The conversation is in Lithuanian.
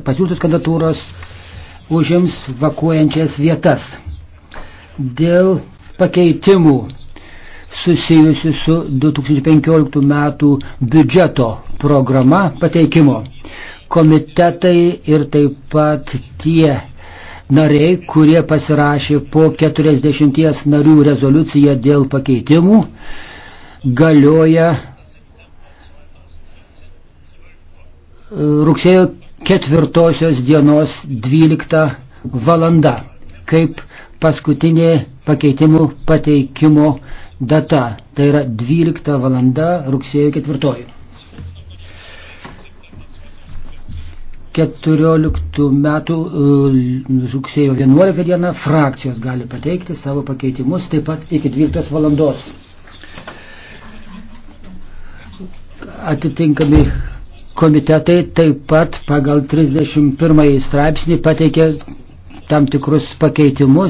pasiūlytos kandidatūros užims vakuojančias vietas. Dėl pakeitimų susijusių su 2015 metų biudžeto programa pateikimo komitetai ir taip pat tie nariai, kurie pasirašė po 40 narių rezoliuciją dėl pakeitimų, galioja e, rugsėjo ketvirtosios dienos 12 valanda, kaip paskutinė pakeitimų pateikimo data. Tai yra 12 valanda rugsėjo 4. 14 metų e, rugsėjo 11 dieną frakcijos gali pateikti savo pakeitimus taip pat iki 12 valandos. Atitinkami komitetai taip pat pagal 31 straipsnį pateikė tam tikrus pakeitimus